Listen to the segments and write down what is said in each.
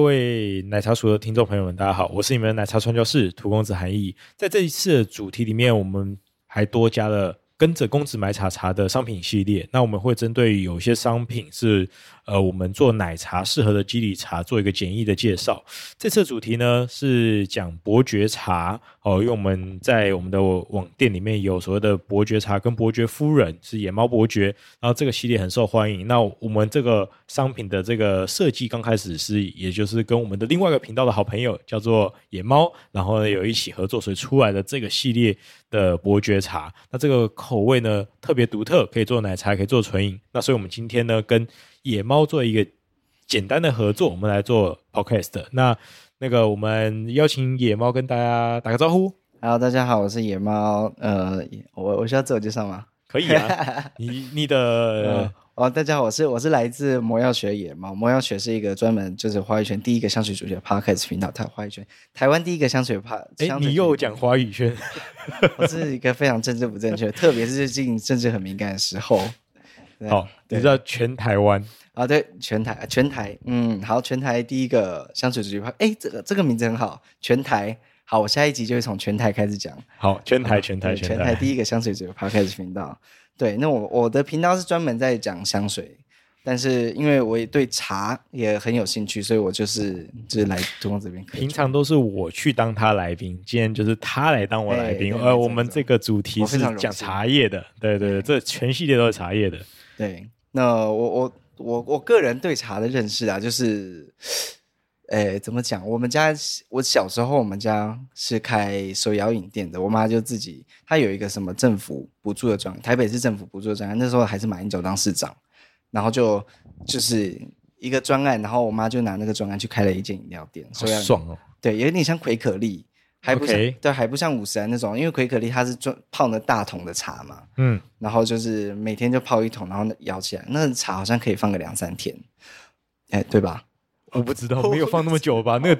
各位奶茶鼠的聽眾朋友們，大家好，我是你們的奶茶傳教士荼公子韓毅。在這一次的主題裡面，我們還多加了跟着公子買茶茶的商品系列。那我們會針對有些商品是。呃，我們做奶茶適合的基底茶做一個簡易的介紹。這次主題呢是講伯爵茶，哦、呃，因為我們在我們的網店裡面有所謂的伯爵茶跟伯爵夫人是野貓伯爵，然後這個系列很受歡迎。那我們這個商品的這個設計剛開始是，也就是跟我們的另外一個頻道的好朋友叫做野貓，然後呢有一起合作，所以出來的這個系列的伯爵茶，那這個口味呢特別獨特，可以做奶茶，可以做純飲。那所以我們今天呢跟野貓做一個簡單的合作，我們來做 podcast。那那個，我們邀請野貓跟大家打個招呼。Hello，大家好，我是野貓。呃，我我需要自我介紹嗎？可以啊。 你你的、呃呃、哦，大家好，我是我是來自魔藥學野貓。魔藥學是一個專門就是華語圈第一個香水主題的 podcast 頻道華，台華語圈台灣第一個香水 pa、欸。你又講華語圈， 我是一個非常政治不正確， 特別是最近政治很敏感的時候。好，你知道全台灣啊？對，全台全台，嗯，好，全台第一個香水主題派，哎，這個這個名字很好，全台。好，我下一集就會從全台開始講。好，全台全台全台，第一個香水主題派好，開始頻道。對，那我我的頻道是專門在講香水，但是因為我也對茶也很有興趣，所以我就是就是來中央這邊。平常都是我去當他來賓，今天就是他來當我來賓。而我們這個主題是講茶葉的，對對對，這全系列都是茶葉的。對，那我我我我個人對茶的認識啊，就是，誒，怎麼講？我們家我小時候，我們家是開手搖飲店的，我媽就自己，她有一個什麼政府補助的專，台北市政府補助專案，那時候還是馬英九當市長，然後就就是一個專案，然後我媽就拿那個專案去開了一間飲料店，所以爽哦，對，有點像快可立。還不對，還不像武神那種，因為魁可力它是就泡那大桶的茶嘛，嗯，然後就是每天就泡一桶，然後舀起來，那茶好像可以放個兩三天，哎，對吧？我不知道，沒有放那麼久吧？那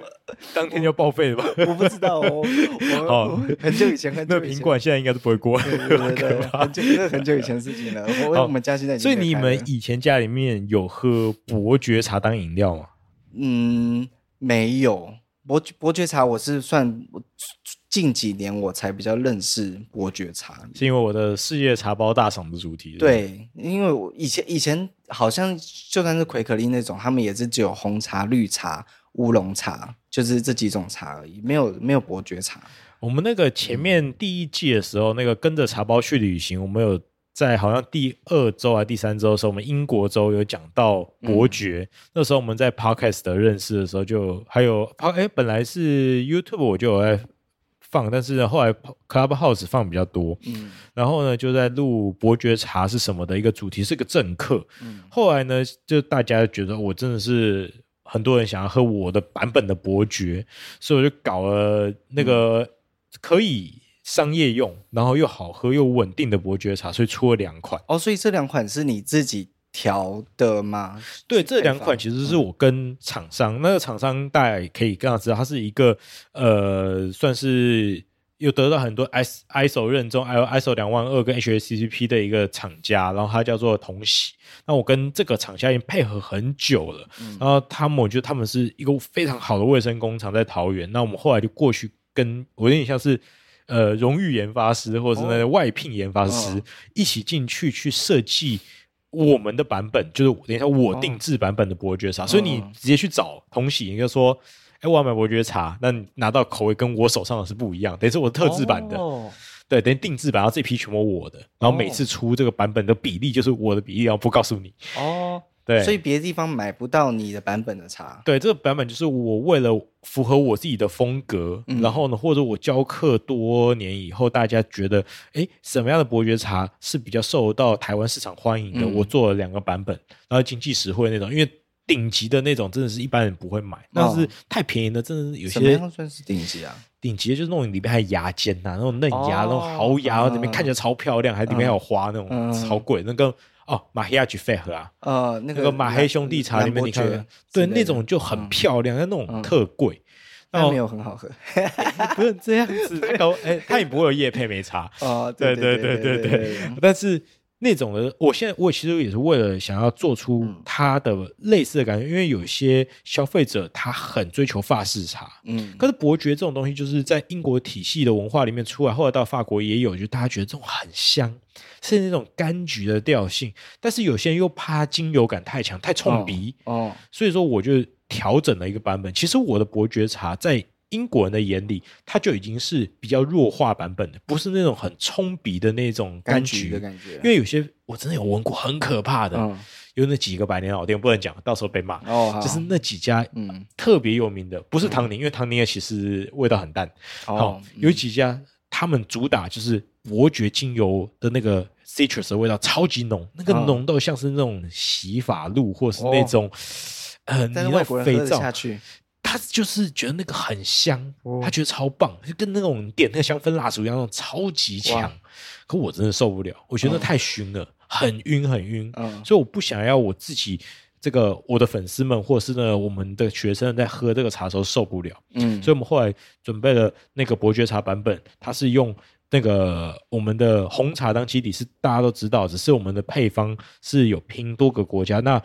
當天就報廢了吧？我不知道，哦。很久以前，很久那瓶罐現在應該是不會過，對對對，很久很久以前事情了。好，我們家現在所以你們以前家裡面有喝伯爵茶當飲料嗎？嗯，沒有。伯爵伯爵茶，我是算近幾年我才比較認識伯爵茶，嗯、是因為我的《世界茶包大賞》的主題。對，因為我以前以前好像就算是快可立那種，他們也是只有紅茶、綠茶、烏龍茶，就是這幾種茶而已，沒有沒有伯爵茶。我們那個前面第一季的時候，嗯、那個跟着茶包去旅行，我們有。在好像第二周啊第三周的時候，我們英國週有講到伯爵。嗯，那時候我們在 podcast 的認識的時候，就還有啊，誒、欸，本來是 YouTube 我就有在放，但是呢，後來 Clubhouse 放比較多。嗯，然後呢，就在錄伯爵茶是什麼的一個主題，是個政客。嗯，後來呢，就大家覺得我真的是很多人想要喝我的版本的伯爵，所以我就搞了那個可以。嗯商業用，然後又好喝又穩定的伯爵茶，所以出了兩款哦。所以這兩款是你自己調的嗎？對，這兩款其實是我跟廠商，嗯、那個廠商大概可以跟大家知道，它是一個呃，算是有得到很多 ISO 認證 ISO ISO 認證，ISO 兩萬二跟 HACCP 的一個廠家。然後它叫做同喜。那我跟這個廠家已經配合很久了，嗯、然後他們我覺得他們是一個非常好的衛生工廠，在桃園。那我們後來就過去跟我有點像是。呃，榮譽研發師，或者是那些外聘研發師、哦、一起進去去設計我們的版本，哦、就是等一下我定製版本的伯爵茶。哦、所以你直接去找同喜，你就說，哎、欸，我要買伯爵茶，那你拿到口味跟我手上的是不一樣，等於是我特製版的，哦、對，等於定製版，然後這批全部我的，然後每次出這個版本的比例就是我的比例，然後不告訴你哦。對所以別的地方買不到你的版本的茶。對，這個版本就是我為了符合我自己的風格，嗯、然後呢，或者我教課多年以後，大家覺得哎、欸，什麼樣的伯爵茶是比較受到台灣市場歡迎的？嗯、我做了兩個版本，然後經濟實惠那種，因為頂級的那種真的是一般人不會買，但是太便宜的真的有，些什麼樣算是頂級啊？頂級就是那種裡面還有芽尖吶、啊，那種嫩芽，哦、那種毫芽，裡面看起來超漂亮，嗯、還裡面還有花那種超，超貴那個。哦，馬黑亞菊啡喝啊，哦、那個，那個馬黑兄弟茶裡面你看看，你們覺得？對，對，那種就很漂亮，但、嗯、那種特貴，那、嗯嗯、後沒有很好喝、 欸。不用這樣子，哎對，它、欸、也不會有業配沒茶哦，對對對對對，但是。嗯那種的，我現在我其實也是為了想要做出它的類似的感覺，因為有些消費者他很追求法式茶，嗯，可是伯爵這種東西就是在英國體系的文化裡面出來，後來到法國也有，就大家覺得這種很香，是那種柑橘的調性，但是有些人又怕它精油感太強，太沖鼻，哦，所以說我就調整了一個版本。其實我的伯爵茶在。英國人的眼裡，它就已經是比較弱化版本的，不是那種很衝鼻的那種柑橘的感覺。因為有些我真的有聞過，很可怕的。有那幾個百年老店不能講，到時候被罵。哦，就是那幾家，嗯，特別有名的，不是唐寧，因為唐寧也其實味道很淡。有幾家他們主打就是伯爵精油的那個 citrus 的味道，超級濃，那個濃到像是那種洗髮露或是那種，呃，但外國人喝下去。他就是覺得那個很香，哦、他覺得超棒，就跟那種點那個香氛蠟燭一樣，超級強。哇 可我真的受不了，我覺得太燻了，哦、很暈，很暈。所以我不想要我自己這個我的粉絲們，或者是呢我們的學生在喝這個茶的時候受不了。嗯，所以我們後來準備了那個伯爵茶版本，它是用那個我們的紅茶當基底，是大家都知道，只是我們的配方是有拼多個國家。那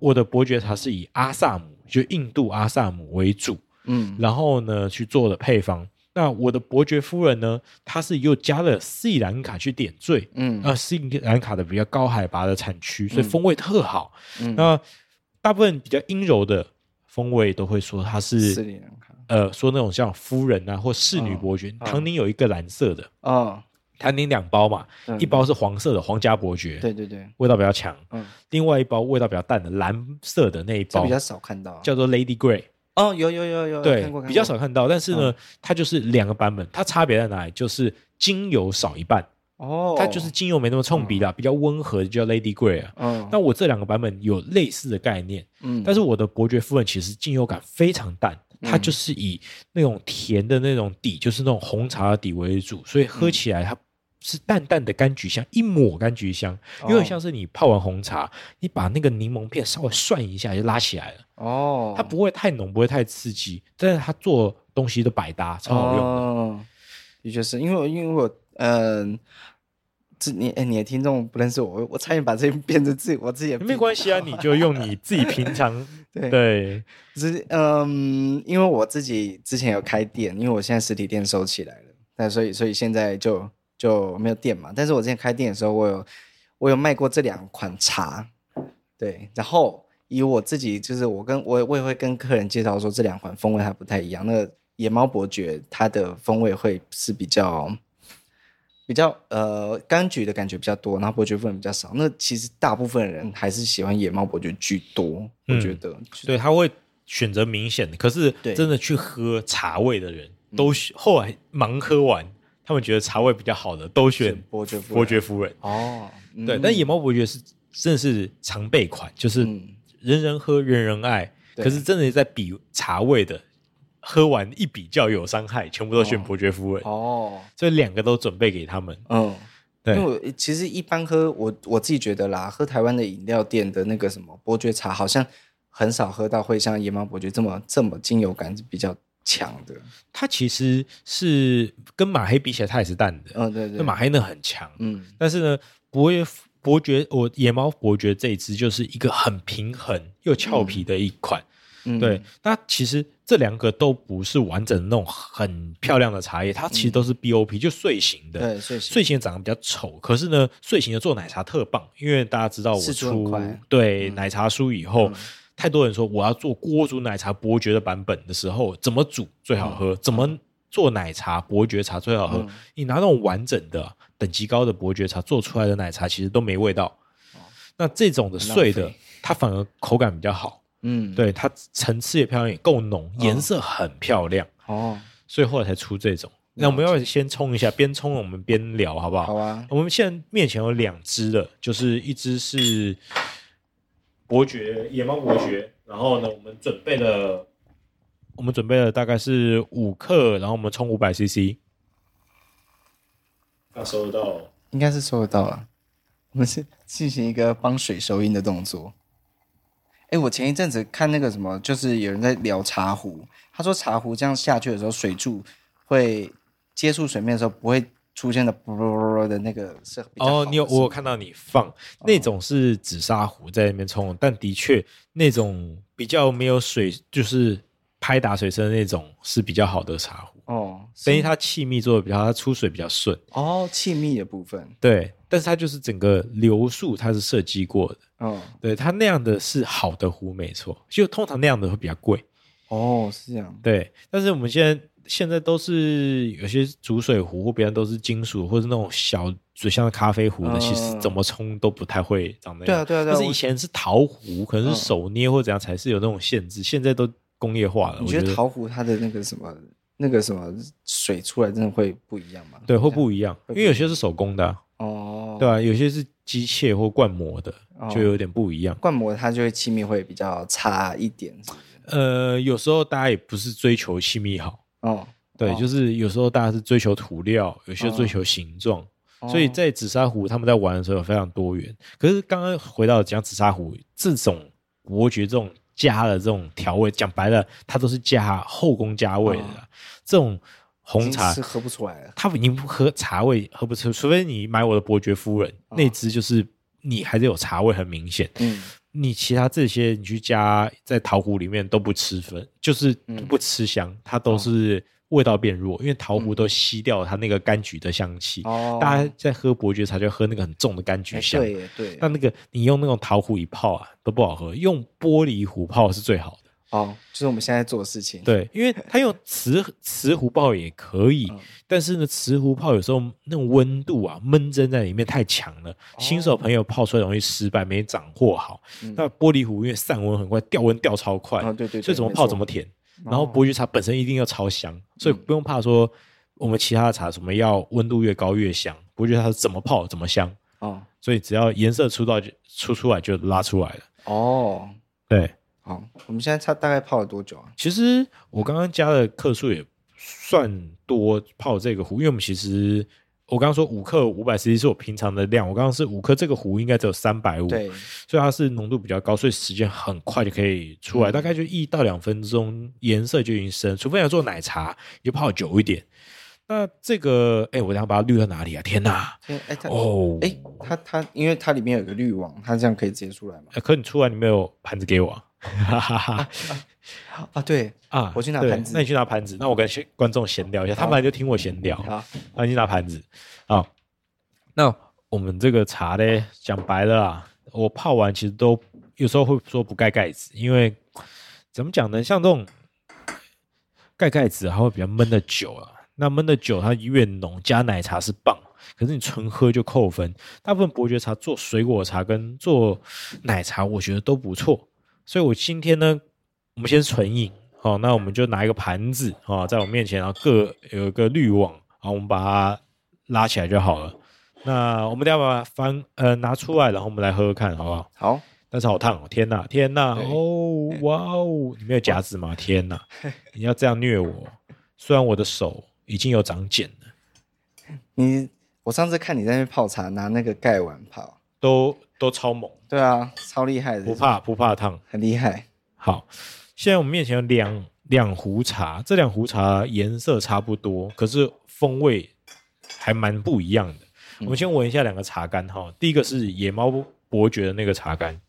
我的伯爵茶是以阿薩姆。就印度阿薩姆為主，嗯，然後呢去做的配方。那我的伯爵夫人呢，她是又加了斯里蘭卡去點綴，嗯，那、呃、斯里蘭卡的比較高海拔的產區，所以風味特好。嗯，嗯，那大部分比較陰柔的風味都會說它是斯里蘭卡，呃，說那種像夫人啊或侍女伯爵，唐寧、哦、有一個藍色的，哦他拎兩包嘛，一包是黃色的皇家伯爵，對對對，味道比較強。另外一包味道比較淡的藍色的那一包比較少看到，叫做 Lady Grey。哦，有有有有，對，比較少看到。但是呢，它就是兩個版本，它差別在哪裡？就是精油少一半哦。它就是精油沒那麼衝鼻的，比較溫和，叫 Lady Grey。那我這兩個版本有類似的概念。但是我的伯爵夫人其實精油感非常淡，它就是以那種甜的那種底，就是那種紅茶的底為主，所以喝起來它。是淡淡的柑橘香，一抹柑橘香，有點像是你泡完紅茶，哦、你把那個檸檬片稍微涮一下就拉起來了。哦，它不會太濃，不會太刺激，但是它做東西都百搭，超好用的。哦、也確、就是因為因為我嗯，這、呃、你哎、欸，你的聽眾不認識我，我，我差點把這變成自己， 我自己也沒關係啊，你就用你自己平常 對，對是嗯、呃，因為我自己之前有開店，因為我現在實體店收起來了，那所以所以現在就。就沒有店嘛，但是我之前開店的時候，我有我有賣過這兩款茶，對，然後以我自己就是我跟我我也會跟客人介紹說這兩款風味還不太一樣。那野貓伯爵它的風味會是比較比較呃柑橘的感覺比較多，然後伯爵夫人比較少。那其實大部分人還是喜歡野貓伯爵居多，嗯、我覺得、就是，對，他會選擇明顯的。可是真的去喝茶味的人對都後來盲喝完。嗯他們覺得茶味比較好的都選伯爵夫人哦，嗯、對，但野貓伯爵是真的是常備款，就是人人喝，人人愛。嗯、可是真的在比茶味的喝完一比較有傷害，全部都選伯爵夫人哦，哦所以兩個都準備給他們。嗯、哦，對，因為我其實一般喝我我自己覺得啦，喝台灣的飲料店的那個什麼伯爵茶，好像很少喝到會像野貓伯爵這麼這麼精油感比較強的，它其實是跟馬黑比起來，它也是淡的。嗯、哦，對對。馬黑那很強，嗯，但是呢，伯爵伯爵，我野貓伯爵這一支就是一個很平衡又俏皮的一款。嗯，對。那、嗯、其實這兩個都不是完整的那種很漂亮的茶葉，它其實都是 BOP，、嗯、就碎型的。對，碎型，碎型的長得比較醜，可是呢，碎型的做奶茶特棒，因為大家知道我出是對、嗯、奶茶書以後。嗯太多人說我要做鍋煮奶茶伯爵的版本的時候，怎麼煮最好喝？怎麼做奶茶伯爵茶最好喝？你拿那種完整的、等級高的伯爵茶做出來的奶茶，其實都沒味道。那這種的碎的，它反而口感比較好。嗯，對，它層次也漂亮，也夠濃，顏色很漂亮。哦，所以後來才出這種。那我們要不要先沖一下，邊沖我們邊聊，好不好？好，我們現在面前有兩隻的，就是一只是。伯爵野貓伯爵，然後呢，我們準備了，我們準備了大概是五克，然後我們沖五百 CC。要、啊、收得到？應該是收得到了。我們先進行一個幫水收音的動作。哎，我前一陣子看那個什麼，就是有人在聊茶壺，他說茶壺這樣下去的時候，水柱會接觸水面的時候不會。出現了啵啵啵的那個是哦，oh, 你有我有看到你放那種是紫砂壺在裡面沖，oh. 但的確那種比較沒有水，就是拍打水聲那種是比較好的茶壺哦，所以、oh, so. 它氣密做的比較，它出水比較順哦，氣密、oh, 的部分對，但是它就是整個流速它是設計過的哦，oh. 對它那樣的是好的壺沒錯，就通常那樣的會比較貴哦，oh, 是這樣對，但是我們現在。現在都是有些煮水壺或別人都是金屬，或是那種小像咖啡壺的，其實怎麼沖都不太會長那樣。對啊，對啊，對啊。就是以前是陶壺，可能是手捏或怎樣才是有那種限制。現在都工業化了。你覺得陶壺它的那個什麼那個什麼水出來真的會不一樣嗎？對，會不一樣，因為有些是手工的哦，啊，對啊，有些是機械或灌模的，就有點不一樣。灌模它就會氣密會比較差一點。呃，有時候大家也不是追求氣密好。哦，對，就是有時候大家是追求塗料，哦，有些追求形狀，哦，所以在紫砂壺，他們在玩的時候有非常多元。哦，可是剛剛回到講紫砂壺這種伯爵這種加的這種調味，講白了，它都是加後宮加味的，哦，這種紅茶是喝不出來的。它已經不喝茶味，喝不出，除非你買我的伯爵夫人，哦，那支，就是你還是有茶味，很明顯。嗯。你其他這些你去加在陶壺裡面都不吃粉，就是不吃香，嗯、它都是味道變弱，因為陶壺都吸掉了它那個柑橘的香氣。嗯、大家在喝伯爵茶就喝那個很重的柑橘香，欸，對對。但那個你用那種陶壺一泡啊都不好喝，用玻璃壺泡是最好的。哦，就是我們現在做的事情。對，因為他用瓷瓷壺泡也可以，但是呢，瓷壺泡有時候那種溫度啊，悶蒸在裡面太強了，新手朋友泡出來容易失敗，沒掌握好。那玻璃壺因為散溫很快，掉溫掉超快，對對。所以怎麼泡怎麼甜。然後伯爵茶本身一定要超香，所以不用怕說我們其他的茶什麼要溫度越高越香，伯爵茶是怎麼泡怎麼香。哦。所以只要顏色出到就出出來就拉出來了。哦，對。好、哦，我們現在差大概泡了多久啊？其實我剛剛加的克數也算多，泡這個壺，因為我們其實我剛剛說五克五百 cc 是我平常的量，我剛剛是五克，這個壺應該只有三百五，對，所以它是濃度比較高，所以時間很快就可以出來，嗯、大概就一到兩分鐘，顏色就已經深。除非要做奶茶，你就泡久一點。那這個，哎、欸，我等下把它濾到哪裡啊？天哪！哎、欸欸、哦，哎、欸，它它，因為它裡面有一個濾網，它這樣可以直接出來嗎？可你出來，你沒有盤子給我。哈哈哈啊，對啊，我去拿盤子，那你去拿盤子，那我跟觀眾閒聊一下，好他們來就聽我閒聊啊，那你好去拿盤子啊。那 No. 我們這個茶呢，講白了啊，我泡完其實都有時候會說不蓋蓋子，因為怎麼講呢？像這種蓋蓋子，啊，它會比較悶的久啊。那悶的久，它越濃。加奶茶是棒，可是你純喝就扣分。大部分伯爵茶做水果茶跟做奶茶，我覺得都不錯。所以，我今天呢，我們先純飲。好、哦，那我們就拿一個盤子啊、哦，在我面前，然後各有一個濾網，然後我們把它拉起來就好了。那我們等下把翻呃拿出來，然後我們來喝喝看，好不好？好。但是好燙、哦，天哪、啊，天哪、啊！對哦對哇哦，你沒有夾子嗎？天哪、啊！ 你要這樣虐我，雖然我的手已經有長繭了。你，我上次看你在那泡茶，拿那個蓋碗泡，都都超猛。對啊，超厲害的！不怕不怕燙，很厲害。好，現在我們面前有兩兩壺茶，這兩壺茶顏色差不多，可是風味還蠻不一樣的。我們先聞一下兩個茶乾哈，嗯、第一個是野貓伯爵的那個茶乾，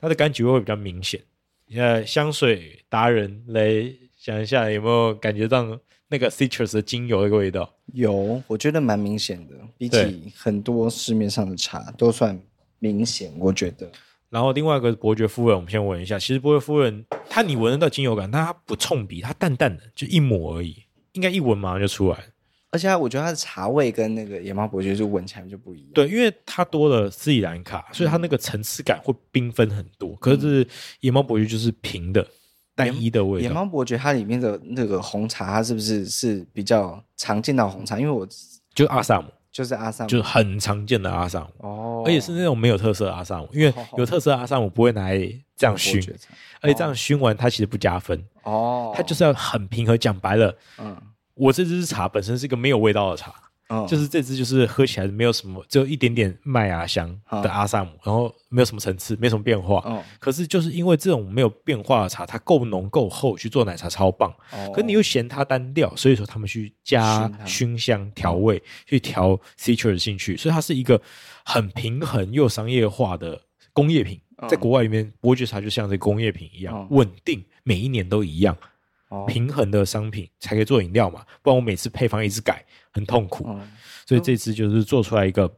它的柑橘味會比較明顯。你看，香水達人來想一下，有沒有感覺到那個 citrus 的精油的味道？有，我覺得蠻明顯的，比起很多市面上的茶對都算，明顯，我覺得。然後另外一個伯爵夫人，我們先聞一下。其實伯爵夫人，他你聞得到精油感，但他不沖鼻，他淡淡的，就一抹而已，應該一聞馬上就出來。而且我覺得它的茶味跟那個野貓伯爵就聞起來就不一樣。對，因為它多了斯里蘭卡，所以它那個層次感會繽紛很多。可是野貓伯爵就是平的、嗯、單一的味道。野貓伯爵它裡面的那個紅茶，它是不是是比較常見到紅茶？因為我就是阿薩姆。就是阿薩姆，就是很常見的阿薩姆，哦，oh, 而且是那種沒有特色的阿薩姆，因為有特色的阿薩姆不會拿來這樣燻，oh, oh, oh. 而且這樣燻完它其實不加分，哦，oh. 它就是要很平和。講白了，嗯，oh. 我這支茶本身是一個沒有味道的茶。就是這支，就是喝起來沒有什麼，只有一點點麥芽香的阿薩姆，嗯、然後沒有什麼層次，沒什麼變化。嗯、可是就是因為這種沒有變化的茶，它夠濃夠厚，去做奶茶超棒。哦、可是你又嫌它單調，所以說他們去加燻香調味，去調 structure 進去，所以它是一個很平衡又商業化的工業品。在國外裡面，伯爵茶就像這工業品一樣穩定，每一年都一樣，平衡的商品才可以做飲料嘛，不然我每次配方一直改。很痛苦，嗯、所以這次就是做出來一個、嗯、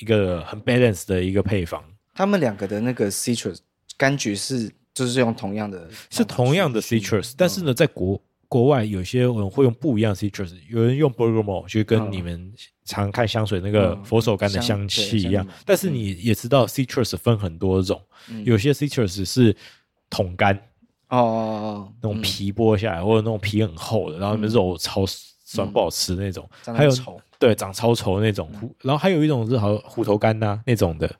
一個很 balanced 的一個配方。他們兩個的那個 citrus 柑橘是就是用同樣的，是同樣的 citrus、嗯、但是呢，在國國外有些人會用不一樣的 citrus，有人用 bergamot 就跟你們常看香水那個佛手柑的香氣一樣。嗯、但是你也知道 citrus 分很多種，嗯、有些 citrus 是桶柑，哦、嗯，那種皮剝下來、嗯、或者那種皮很厚的，然後裡面肉超嗯酸不好吃那種，嗯、還有對長超稠的那種、嗯、然後還有一種是好像虎頭柑吶、啊嗯、那種的，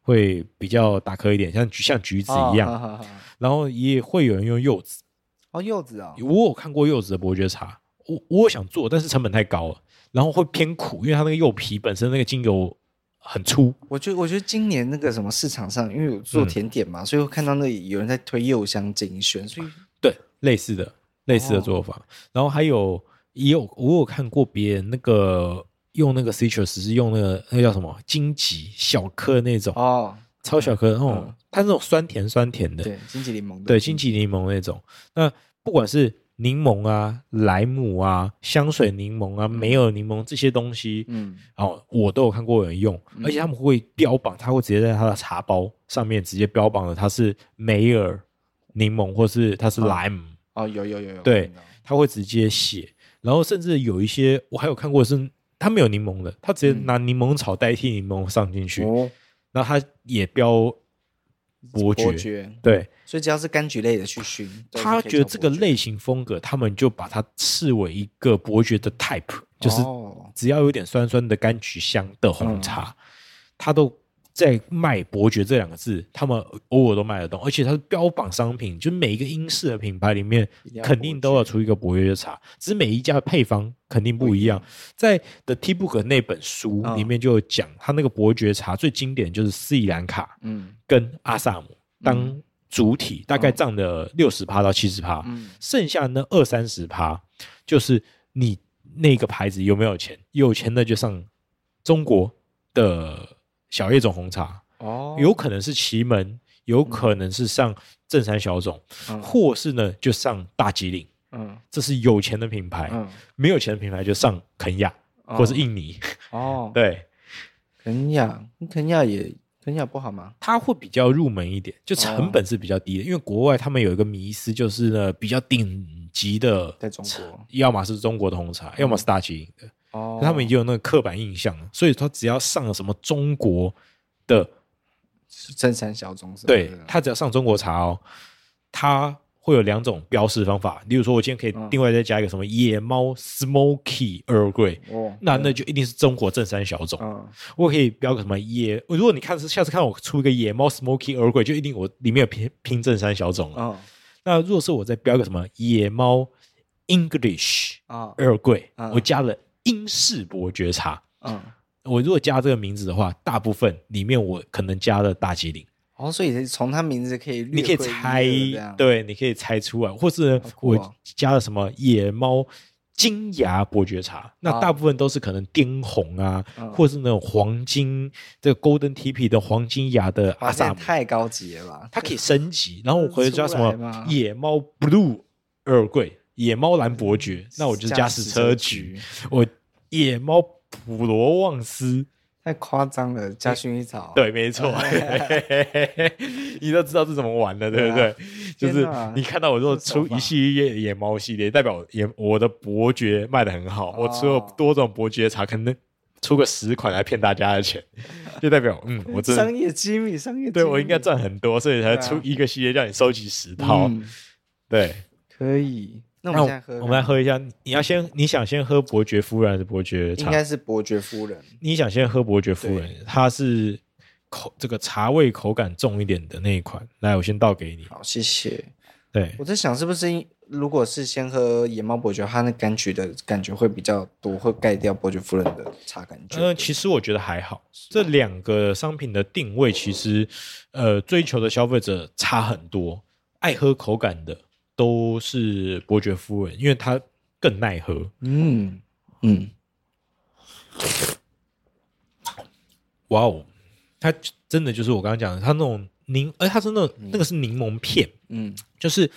會比較大顆一點，像橘像橘子一樣，哦啊啊啊啊、然後也會有人用柚子，哦柚子啊、哦，我有看過柚子的伯爵茶，我我想做，但是成本太高了，然後會偏苦，因為它那個柚皮本身那個精油很粗。我覺得我覺得今年那個什麼市場上，因為有做甜點嘛，嗯、所以我看到那裡有人在推柚香精選，所以對類似的，哦、類似的做法，然後還有。也有我有看過別人那個用那個 citrus 是用那個，那叫什麼金桔，小顆那種哦，超小顆那種，它那種酸甜酸甜的，對，金桔檸檬，對金桔檸檬那種，那不管是檸檬啊萊姆啊香水檸檬啊梅爾檸檬這些東西，嗯，哦我都有看過有人用，而且他們會標榜，他會直接在他的茶包上面直接標榜的，它是梅爾檸檬，或是它是萊姆哦，有有有有，對他會直接寫。然後甚至有一些，我還有看過是它沒有檸檬的，它直接拿檸檬草代替檸檬上進去，嗯哦、然後它也標伯爵，伯爵對，所以只要是柑橘類的去燻，他覺得這個類型風格，他們就把它視為一個伯爵的 type，就是只要有點酸酸的柑橘香的紅茶，他、哦嗯、都。在賣伯爵這兩個字，他們偶爾都賣得動，而且它是標榜商品，就是、每一個英式的品牌裡面肯定都要出一個伯爵茶，爵只是每一家的配方肯定不一樣。嗯、在 The Tea Book 那本書裡面就講，他那個伯爵茶最經典就是斯里蘭卡，嗯，跟阿薩姆當主體，嗯、大概佔了六十趴到七十趴，嗯、剩下的那二三十趴就是你那個牌子有沒有錢，有錢的就上中國的。小葉種紅茶哦，有可能是祁門，有可能是上正山小種，或是呢就上大吉嶺，嗯，這是有錢的品牌；沒有錢的品牌就上肯亞或是印尼哦，對，肯亞，肯亞也肯亞不好嗎？它會比較入門一點，就成本是比較低的，因為國外他們有一個迷思，就是呢比較頂級的在中國，要麼是中國的紅茶，要麼是大吉嶺的。他們已經有那個刻板印象了，所以他只要上了什麼中國的正山小種，對，它只要上中國茶哦，它會有兩種標示方法。例如說，我今天可以另外再加一個什麼野貓 Smoky Earl Grey 那那就一定是中國正山小種。我可以標個什麼野，如果你看是下次看我出一個野貓 Smoky Earl Grey 就一定我裡面有拼拼正山小種了。那若是我再標個什麼野貓 English Earl Grey 我加了。英式伯爵茶，嗯，我如果加這個名字的話，大部分裡面我可能加了大吉嶺。哦，所以從他名字可以，你可以猜，對，你可以猜出來，或是哦哦我加了什麼野貓金牙伯爵茶，哦、那大部分都是可能滇紅啊，哦、或是那種黃金這個 Golden Tip 的黃金牙的阿薩姆，、啊。哇，太高級了吧！它可以升級，對然後我回去加什麼野貓 Blue Earl Grey。野貓藍伯爵，那我就加矢車菊。我野貓普羅旺斯，太誇張了，加薰衣草，對，沒錯， 對 你都知道是怎麼玩的，對不對？對啦就是、啊、你看到我，就出一系列野貓系列，代表我的伯爵賣得很好，我出了多種伯爵茶，可能出個十款來騙大家的錢，哦、就代表嗯，我這商業機密，商業對我應該賺很多，所以才出一個系列叫你收集十套，對、啊、對，可以。那我們來喝看看，我們來喝一下。你要先，你想先喝伯爵夫人還是伯爵茶？應該是伯爵夫人。你想先喝伯爵夫人，對它是口這個茶味口感重一點的那一款。來，我先倒給你。好，謝謝。對，我在想是不是如果是先喝野貓伯爵，它那柑橘的感覺會比較多，會蓋掉伯爵夫人的茶感覺？嗯，其實我覺得還好。這兩個商品的定位其實，嗯、呃，追求的消費者差很多，愛喝口感的。都是伯爵夫人，因為他更耐喝、嗯。嗯嗯，哇哦，他真的就是我剛剛講的，他那種檸，哎、欸，他是那種、個嗯、那個是檸檬片。嗯，就是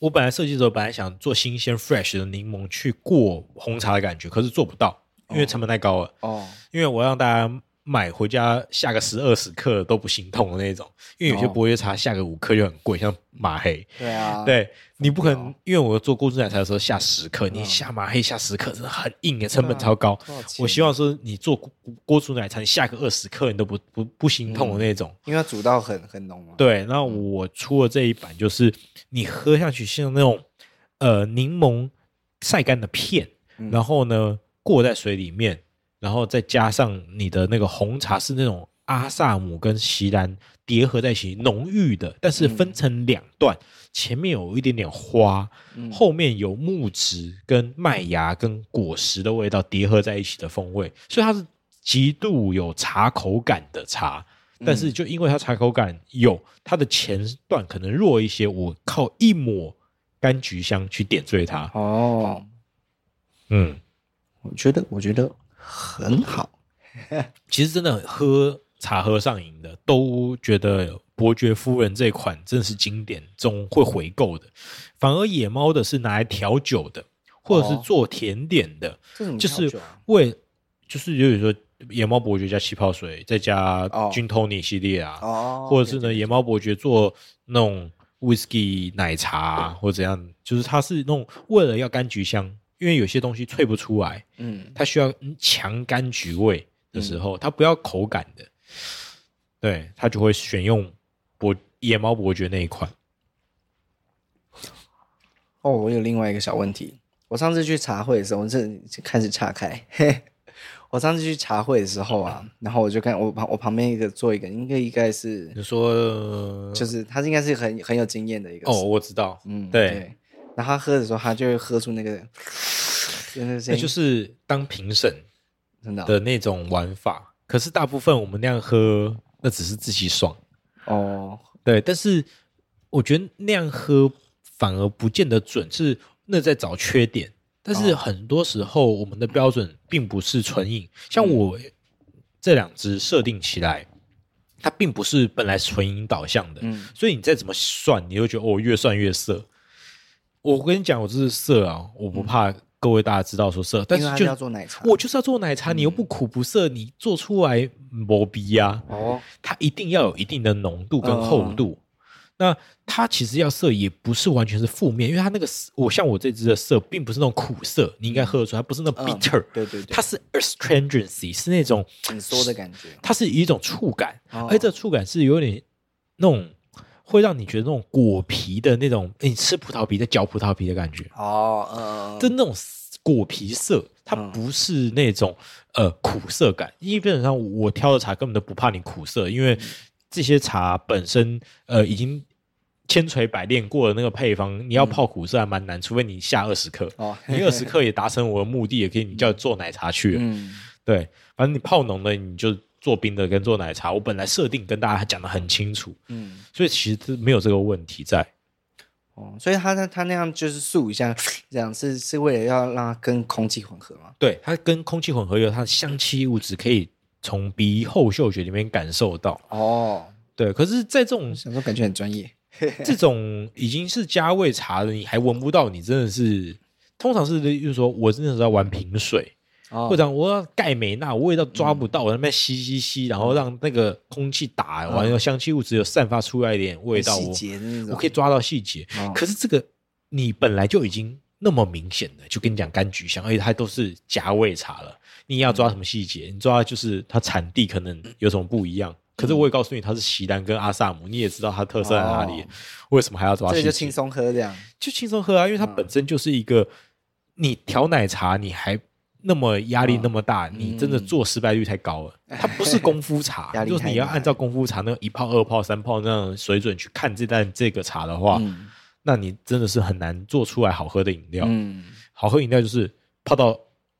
我本來設計的時候，本來想做新鮮 fresh 的檸檬去過紅茶的感覺，可是做不到，因為成本太高了。哦，因為我讓大家。買回家下個十、二十克都不心痛的那種，因為有些伯爵茶下個五克就很貴，像馬黑。對啊，對你不可能，流因為我做鍋煮奶茶的時候下十克，你下馬黑下十克是很硬的，啊、成本超高。啊、我希望說你做鍋煮奶茶，你下個二十克你都不不不心痛的那種，嗯、因為煮到很很濃嘛。對，那我出了這一版，就是你喝下去像那種呃檸檬曬乾的片，嗯、然後呢過在水裡面。然後再加上你的那個紅茶是那種阿薩姆跟錫蘭疊合在一起濃郁的，但是分成兩段，嗯、前面有一點點花，嗯、後面有木質跟麥芽跟果實的味道疊合在一起的風味，所以它是極度有茶口感的茶，但是就因為它茶口感有，它的前段可能弱一些，我靠一抹柑橘香去點綴它。哦。嗯，我覺得，我覺得。很好，嗯， 其實真的很喝茶喝上癮的都覺得伯爵夫人這款真的是經典，嗯、中會回購的。反而野貓的是拿來調酒的，或者是做甜點的，哦、就是為、嗯、就是為就是比如說野貓伯爵加氣泡水，再加 Gin Tonic 系列啊，哦、或者是呢甜甜甜野貓伯爵做那種 whisky 奶茶，啊，對或者怎樣，就是它是那種為了要柑橘香。因為有些東西萃不出來，嗯，它需要強柑橘味的時候，嗯，它不要口感的，對，它就會選用伯野貓伯爵那一款。哦，我有另外一個小問題，我上次去茶會的時候，我這就開始岔開。 我上次去茶會的時候啊，然後我就看我旁我旁邊一個做一個，應該應該是你說，就是他應該是很很有經驗的一個。哦，我知道，嗯，對。對然後他喝的時候，他就會喝出那個，那就是當評審的那種玩法。哦、可是大部分我們那樣喝，那只是自己爽哦。對，但是我覺得那樣喝反而不見得準，是那在找缺點。但是很多時候，我們的標準並不是純飲，哦、像我這兩支設定起來，嗯、它並不是本來純飲導向的，嗯、所以你再怎麼算，你會覺得哦，越算越澀。我跟你講，我這是澀啊！我不怕各位大家知道說澀，但是就要做奶茶，我就是要做奶茶。你又不苦不澀，你做出來磨鼻啊！它一定要有一定的濃度跟厚度。那它其實要澀也不是完全是負面，因為它那個我像我這支的澀並不是那種苦澀，你應該喝得出，它不是那種 bitter。它是 astringency，嗯，是那種緊縮的感覺，它是一種觸感。哎，這觸感是有點那種。會讓你覺得那種果皮的那種，你吃葡萄皮在嚼葡萄皮的感覺哦，嗯，就那種果皮色，它不是那種、uh, 呃苦澀感。因為基本上我挑的茶根本都不怕你苦澀，因為這些茶本身呃已經千錘百煉過的那個配方，你要泡苦澀還蠻難，uh, 除非你下二十克，uh, 你二十克也達成我的目的，也可以你叫做奶茶去了。Um, 對，反正你泡濃了，你就做冰的跟做奶茶。我本來設定跟大家講得很清楚，嗯，所以其實沒有這個問題在。哦，所以他他他那樣就是豎一下， 這樣是是為了要讓它跟空氣混合嘛？對，它跟空氣混合，以後它的香氣物質可以從鼻後嗅覺裡面感受到。哦，對，可是，在這種我想說感覺很專業， 這種已經是加味茶了，你還聞不到，你真的是，通常是就是說我真的是在玩瓶水。或者我要蓋美那味道抓不到，我那邊吸吸吸，然後讓那個空氣打完，然後香氣物質有散發出來一點味道，我，我可以抓到細節。可是這個你本來就已經那麼明顯的，就跟你講柑橘香，而且它都是加味茶了，你要抓什麼細節？你抓就是它產地可能有什麼不一樣。可是我也告訴你，它是錫蘭跟阿薩姆，你也知道它特色在哪裡，為什麼還要抓細節？所以就輕鬆喝這樣，就輕鬆喝啊，因為它本身就是一個你調奶茶你還。那麼壓力那麼大，你真的做失敗率太高了，它不是功夫茶，就是你要按照功夫茶那一泡、二泡、三泡那水準去看這袋這個茶的話，那你真的是很難做出來好喝的飲料。嗯，好喝飲料就是泡到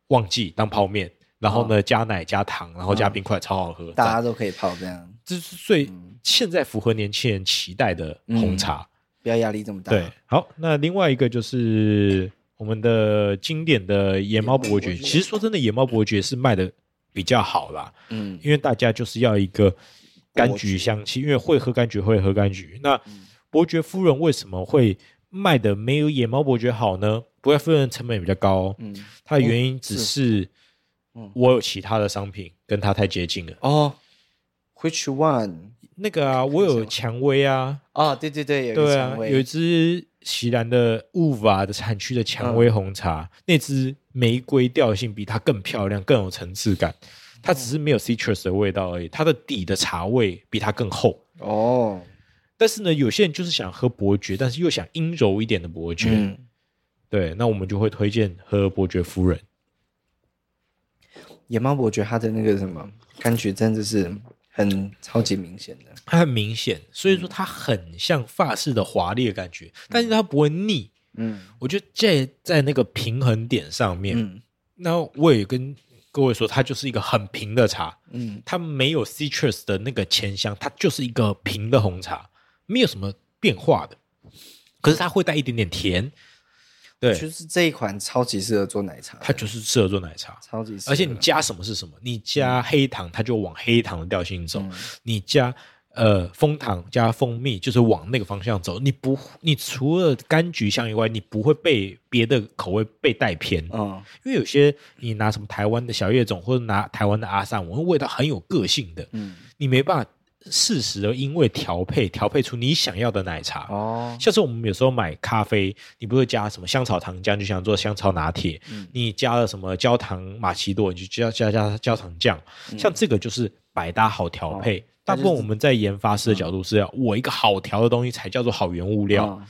忘記當泡麵，然後呢，加奶加糖，然後加冰塊，超好喝。大家都可以泡這樣，這是最現在符合年輕人期待的紅茶。不要壓力這麼大。對，好，那另外一個就是。我們的經典的野貓伯爵，其實說真的，野貓伯爵是賣的比較好啦，嗯，因為大家就是要一個柑橘香氣，因為會喝柑橘會喝柑橘。那伯爵夫人為什麼會賣的沒有野貓伯爵好呢？伯爵夫人的成本也比較高，嗯，它的原因只是，我有其他的商品，跟它太接近了哦。Which one？那個啊，我有薔薇啊，啊，對對對，對啊，有一只。錫蘭的烏瓦的產區的薔薇紅茶，嗯、那支玫瑰調性比它更漂亮，更有層次感。它只是沒有 citrus 的味道而已，它的底的茶味比它更厚。哦，但是呢，有些人就是想喝伯爵，但是又想陰柔一點的伯爵。嗯、對，那我們就會推薦喝伯爵夫人。野貓伯爵，他的那個什麼感覺，真的是。很超級明顯的，它很明顯，所以說它很像法式的華麗的感覺，嗯、但是它不會膩。嗯，我覺得這在那個平衡點上面，嗯，那我也跟各位說，它就是一個很平的茶，嗯，它沒有 citrus 的那個前香，它就是一個平的紅茶，沒有什麼變化的，可是它會帶一點點甜。嗯。對，就是這一款超級適合做奶茶，它就是適合做奶茶，超級適合。而且你加什麼是什麼，你加黑糖，它就往黑糖的調性走；嗯、你加呃蜂糖加蜂蜜，就是往那個方向走。你不，你除了柑橘香以外，你不會被別的口味被帶偏啊。哦、因為有些你拿什麼台灣的小葉種或者拿台灣的阿薩姆，我們味道很有個性的，嗯，你沒辦法。事實的，因為調配，調配出你想要的奶茶哦，像是我們有時候買咖啡，你不會加什麼香草糖漿，就想做香草拿鐵，嗯、你加了什麼焦糖瑪奇朵，你就加加加焦糖醬。嗯、像這個就是百搭好調配。哦就是、大部分我們在研发師的角度是要，嗯、我一個好調的東西才叫做好原物料，哦、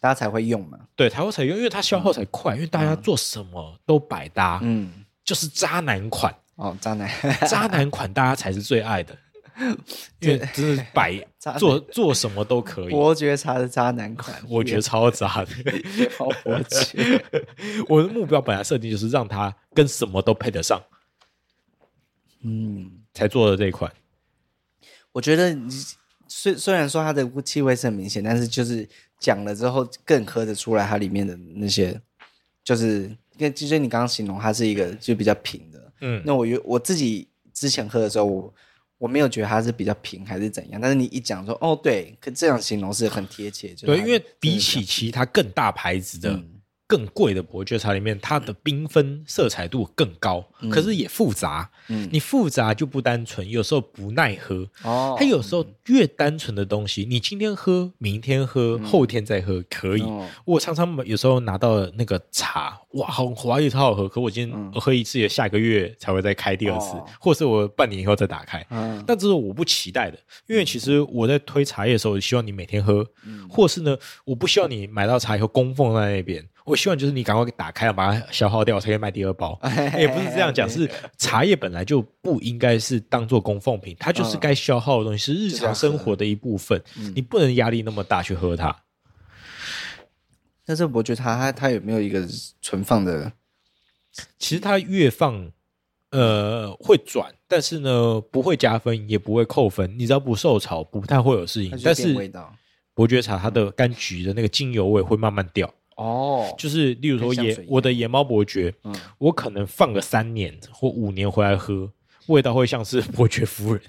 大家才會用嘛。對，才會採用，因為它消耗才快，哦、因為大家做什麼都百搭。嗯，就是渣男款哦，渣男 渣男款大家才是最愛的。 對因就是百搭做，做什麼都可以，伯爵茶的渣男款， 我覺得超渣的。我 爵 我的目標本來設定就是讓他跟什麼都配得上，嗯，才做的這一款。我覺得雖，雖雖然說它的氣味是很明顯，但是就是講了之後，更喝得出來它裡面的那些，就是跟其實你剛剛形容，它是一個就比較平的。嗯，那我有我自己之前喝的時候，我。我沒有覺得它是比較平還是怎樣，但是你一講說哦，對，可這樣形容是很貼切。嗯、就是他，對，因為比起其他更大牌子的，嗯更貴的伯爵茶裡面，它的繽紛色彩度更高，嗯、可是也複雜。嗯、你複雜就不單純，有時候不耐喝。它、哦、有時候越單純的東西，你今天喝，明天喝，嗯、後天再喝可以。哦、我常常有時候拿到那個茶，哇，好華麗，也超好喝。可我今天喝一次，也下個月才會再開第二次，哦、或是我半年以後再打開。嗯、但這是我不期待的，因為其實我在推茶葉的時候，我希望你每天喝，或是呢，我不希望你買到茶以後供奉在那邊。我希望就是你趕快給打開了，把它消耗掉，才可以賣第二包。也、哎欸、不是這樣講，哎、是茶葉本來就不應該是當做供奉品，嗯、它就是該消耗的東西，是日常生活的一部分。嗯、你不能壓力那麼大去喝它。嗯、但是伯爵茶，它它有沒有一個存放的？其實它越放，呃，會轉，但是呢，不會加分，也不會扣分。你只要不受潮，不太會有事情，但是伯爵茶它的柑橘的那個精油味會慢慢掉。哦，oh, 就是，例如說野，野我的野貓伯爵，嗯、我可能放個三年或五年回來喝，味道會像是伯爵夫人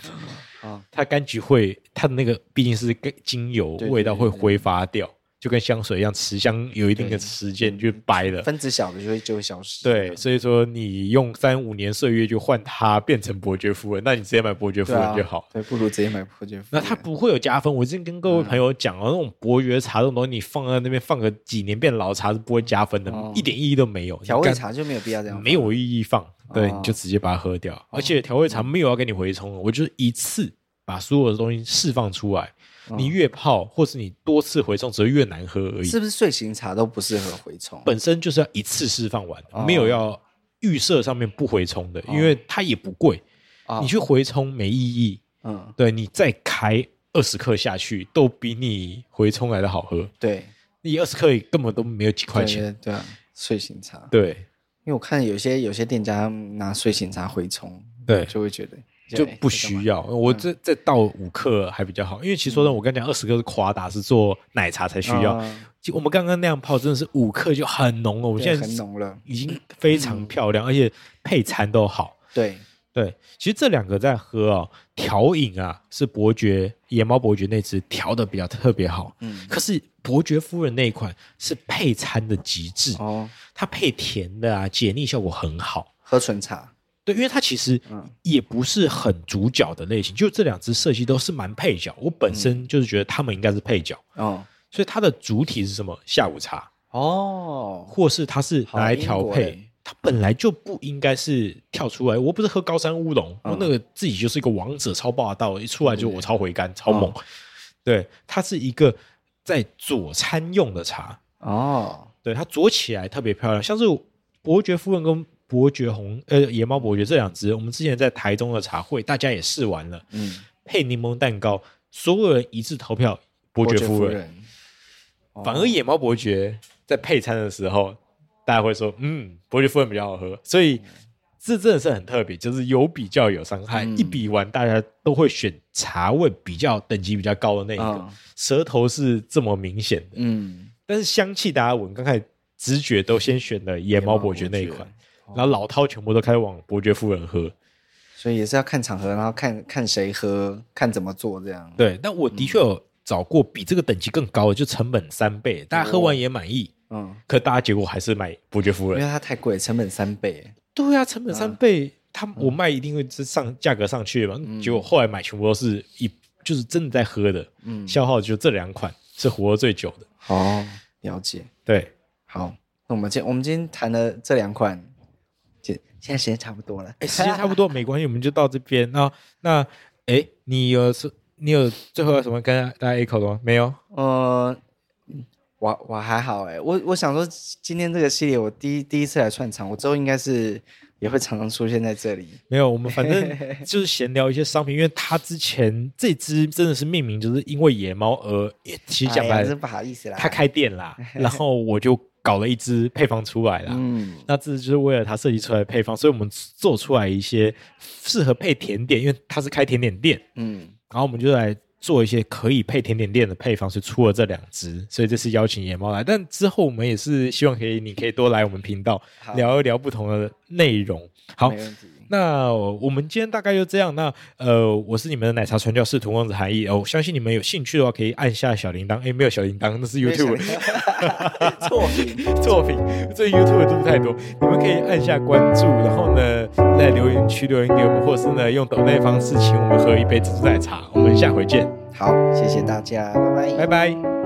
啊， 哦、它柑橘會它的那個畢竟是精油，味道會揮發掉。就跟香水一樣，持香有一定的時間對就掰了。分子小的就會就會消失。對，所以說你用三五年歲月就換它變成伯爵夫人，那你直接買伯爵夫人就好。對,啊、對，不如直接買伯爵夫人。那它不會有加分？我之前跟各位朋友講了，嗯、那種伯爵茶這種東西，你放在那邊放個幾年變老茶是不會加分的，哦、一點意義都沒有。調味茶就沒有必要這樣，沒有意義放，對，哦、你就直接把它喝掉。而且調味茶沒有要給你回沖，哦、我就是一次把所有的東西釋放出來。你越泡，或是你多次回沖，只越難喝而已。是不是碎型茶都不適合回沖？本身就是要一次釋放完，沒有要預設上面不回沖的，因為它也不貴。你去回沖沒意義。嗯，對，你再開二十克下去，都比你回沖來的好喝。對，你二十克根本都沒有幾塊錢。對啊，碎型茶。對，因為我看有些有些店家拿碎型茶回沖，對，就會覺得。就不需要，欸、我這這倒五克還比較好，嗯、因為其實說呢，我跟你講，二十克是誇大，是做奶茶才需要。嗯、就我們剛剛那樣泡，真的是五克就很濃了。對我們現在已經非常漂亮，嗯、而且配餐都好。對對，其實這兩個在喝哦、喔，調飲啊，是伯爵野貓伯爵那隻調的比較特別好。嗯，可是伯爵夫人那一款是配餐的極致哦，它配甜的啊，解膩效果很好，喝純茶。對，因為它其實也不是很主角的類型，嗯、就這兩支設計都是蠻配角。我本身就是覺得他們應該是配角、嗯哦、所以它的主體是什麼？下午茶哦，或是它是拿來調配？它本來就不應該是跳出來。我不是喝高山烏龍，嗯、我那個自己就是一個王者，超霸道，一出來就我超回甘，對超猛。哦、對，它是一個在佐餐用的茶哦。對，它佐起來特別漂亮，像是伯爵夫人跟。伯爵紅呃野貓伯爵這兩支，我們之前在台中的茶會，大家也試完了，嗯，配檸檬蛋糕，所有人一致投票伯爵夫人，夫人。反而野貓伯爵在配餐的時候，哦、大家會說，嗯，伯爵夫人比較好喝，所以、嗯、這真的是很特別，就是有比較有傷害，嗯、一比完大家都會選茶味比較等級比較高的那一個，哦、舌頭是這麼明顯的，嗯，但是香氣大家聞，剛才直覺都先選了野貓伯爵那一款。然後老饕全部都開始往伯爵夫人喝，所以也是要看場合，然後看看誰喝，看怎麼做這樣。對，但我的確有找過比這個等級更高的，就成本三倍，大家喝完也滿意。哦、嗯，可大家結果還是買伯爵夫人，因為它太貴，成本三倍。對呀，啊，成本三倍，他，啊、我賣一定會是上價格上去嘛，結果後來買全部都是一，嗯，就是真的在喝的，嗯，消耗就這兩款是活得最久的。哦，了解。對，好，那我們今我們今天談的這兩款。現在時間差、欸、差不多了，哎，時間差不多沒關係， 我們就到這邊啊。那，哎、欸，你有是，你有最後有什麼跟大家一口的嗎？沒有，嗯、呃，我我還好、欸，哎，我我想說，今天這個系列我第一第一次來串場，我之後應該是也會常常出現在這裡。沒有，我們反正就是閒聊一些商品， 因為他之前這只真的是命名就是因為野貓而也，其實講白了不好意思啦，他開店啦，然後我就。找了一支配方出來了，嗯，那這就是為了他設計出來的配方，所以我們做出來一些適合配甜點，因為他是開甜點店，嗯，然後我們就來做一些可以配甜點店的配方，是出了這兩支，所以這次邀請野貓來，但之後我們也是希望可以，你可以多來我們頻道聊一聊不同的內容，好。好那我們今天大概就這樣。那呃，我是你們的奶茶傳教士荼公子韓毅哦。我相信你們有興趣的話，可以按下小鈴鐺。哎，沒有小鈴鐺，那是 YouTube。作品作品，最近 YouTube 都太多。你們可以按下關注，然後呢，在留言區留言給我們，或是呢，用抖內方式請我們喝一杯珍珠奶茶。我們下回見。好，謝謝大家，拜拜，拜拜。